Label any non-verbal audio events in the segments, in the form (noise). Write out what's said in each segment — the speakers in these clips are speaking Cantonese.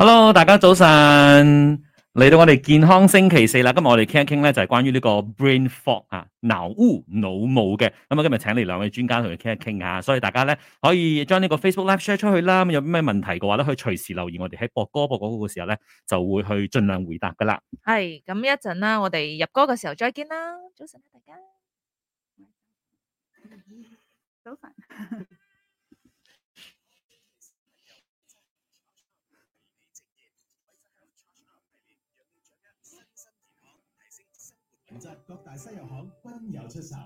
Hello，大家早晨，嚟到我哋健康星期四啦。今日我哋傾一傾咧，就係關於呢個 brain fog 啊、哦，腦烏腦霧嘅。咁啊，今日請嚟兩位專家同佢傾一傾下，所以大家咧可以將呢個 Facebook Live share 出去啦。有咩問題嘅話咧，可以隨時留言，我哋喺播歌播歌嗰個時候咧，就會去盡量回答噶啦。係，咁一陣啦，我哋入歌嘅時候再見啦。早晨啊，大家 (laughs) 早晨。各大西遊行均有出售。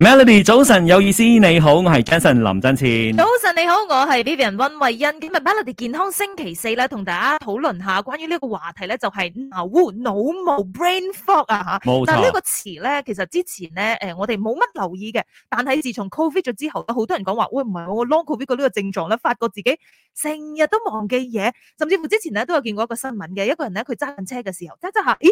Melody，早晨有意思，你好，我係 Jason 林振前。早晨你好，我係 Vivian 溫慧欣。今日 Melody 健康星期四咧，同大家討論下關於呢個話題咧，就係腦霧 brain fog 啊吓。冇錯。嗱呢個詞咧，其實之前咧，誒我哋冇乜留意嘅。但係自從 COVID 咗之後，都好多人講話，喂唔係我 Long COVID 個呢個症狀咧，發覺自己成日都忘記嘢，甚至乎之前咧都有見過一個新聞嘅，一個人咧佢揸緊車嘅時候，揸揸下，咦？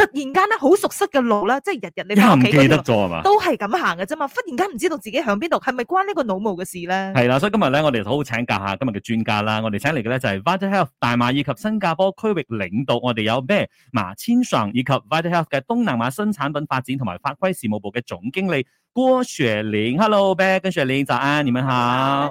突然間咧，好熟悉嘅路啦，即係日日你唔記得咗，企度都係咁行嘅啫嘛。忽然間唔知道自己喺邊度，係咪關這個腦的事呢個腦霧嘅事咧？係啦，所以今日咧，我哋好好請教一下今日嘅專家啦。我哋請嚟嘅咧就係 Vital Health 大馬以及新加坡區域領導。我哋有咩？馬千尚以及 Vital Health 嘅東南亞新產品發展同埋法規事務部嘅總經理郭雪蓮。Hello，Bet，跟住係雪蓮啊，你們好。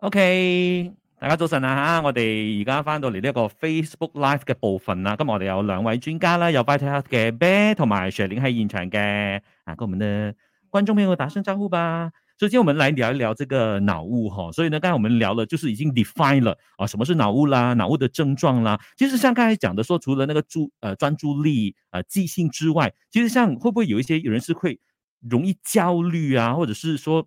O、okay, K，大家早晨啊吓，我哋而家翻到嚟呢一個 Facebook Live 嘅部分啦、啊。今日我哋有兩位專家啦，有 ByteHealth 嘅 b 咩，同埋雪玲喺現場嘅，啊，跟我們的觀眾朋友打聲招呼吧。首先，我們來聊一聊這個腦霧嗬。所以呢，剛才我們聊了，就是已經 define 了啊，什麼是腦霧啦，腦霧的症狀啦。其實，像剛才講的說，說除了那個注，誒、呃，專注力，誒、呃，記性之外，其實，像會不會有一些有人是會容易焦慮啊，或者是說？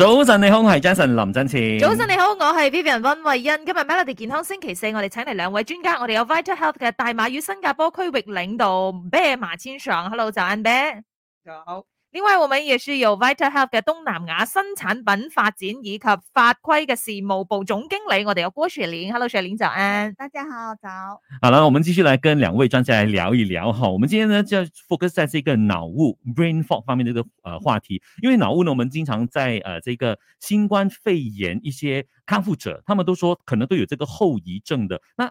早晨，你好，我係 Jason 林振前。早晨，你好，我係 Vivian 温慧欣。今日 Melody 健康星期四，我哋請嚟兩位專家，我哋有 Vital Health 嘅大馬與新加坡區域領導咩馬千祥。Hello，就 a 安咩？你好。另外，我們也是有 Vital Health 嘅東南亞新產品發展以及法規嘅事務部總經理，我哋有郭雪玲。Hello，雪玲早安，大家好，早。好了，我們繼續來跟兩位專家來聊一聊哈。我們今天呢就要 focus 在這個腦霧 （brain fog） 方面呢、這個誒、呃、話題，因為腦霧呢，我們經常在誒、呃、這個新冠肺炎一些康復者，他們都說可能都有這個後遺症的。那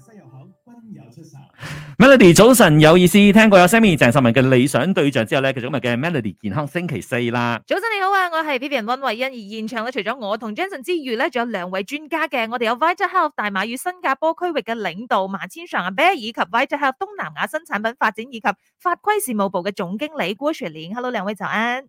西遊好，均有出手。Melody 早晨，有意思，聽過有 Sammy 鄭秀文嘅理想對象之後咧，今日嘅 Melody 健康星期四啦。早晨你好啊，我係 Vivian 溫慧欣，而現場咧除咗我同 Jason 之馀咧，仲有兩位專家嘅，我哋有 Vital Health 大馬與新加坡區域嘅領導馬千祥阿 b 比，以及 Vital Health 東南亞新產品發展以及法規事務部嘅總經理郭雪蓮，Hello，兩位早晨。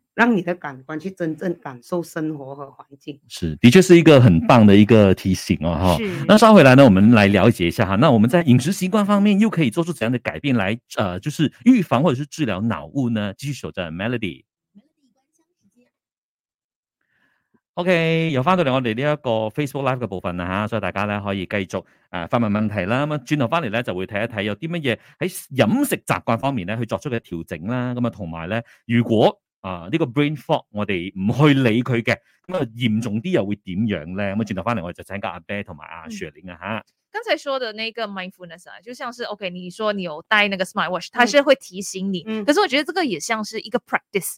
讓你的感官去真正感受生活和環境，是的確是一個很棒的一個提醒哦，哈。那收回來呢，我們來了解一下哈。那我們在飲食習慣方面又可以做出怎樣的改變來？呃、就是預防或者是治療腦霧呢？繼續守着 Melody。O、okay, K，又翻到嚟我哋呢一個 Facebook Live 嘅部分啦，吓，所以大家咧可以繼續誒、呃、發問問題啦。咁啊，轉頭翻嚟咧就會睇一睇有啲乜嘢喺飲食習慣方面咧去作出嘅調整啦。咁、嗯、啊，同埋咧，如果啊、呃、呢、這個 brain fog 我哋唔去理佢嘅，咁啊嚴重啲又會點樣咧？咁啊轉頭翻嚟我哋就請教阿 Ben 同埋阿 Shirley、嗯、啊吓。剛才說的那個 mindfulness 啊，就像是 OK，你說你有戴那個 smart watch，嗯、它是會提醒你、嗯，可是我覺得這個也像是一個 practice。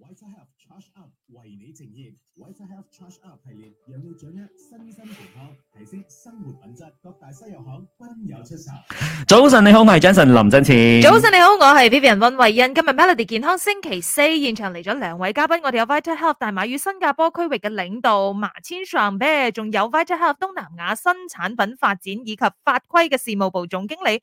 Vital Health Charge Up 為你呈現 Vital Health Charge Up 系列，讓你掌握身心健康，提升生活品質。各大西藥行均有出售。早晨你好，我係 Jason 林振前。早晨你好，我係 Vivian 溫慧欣。今日 Melody 健康星期四現場嚟咗兩位嘉賓，我哋有 Vital Health 大馬與新加坡區域嘅領導 Ma Chiang Bee，仲有 Vital Health 東南亞新產品發展以及法規嘅事務部總經理。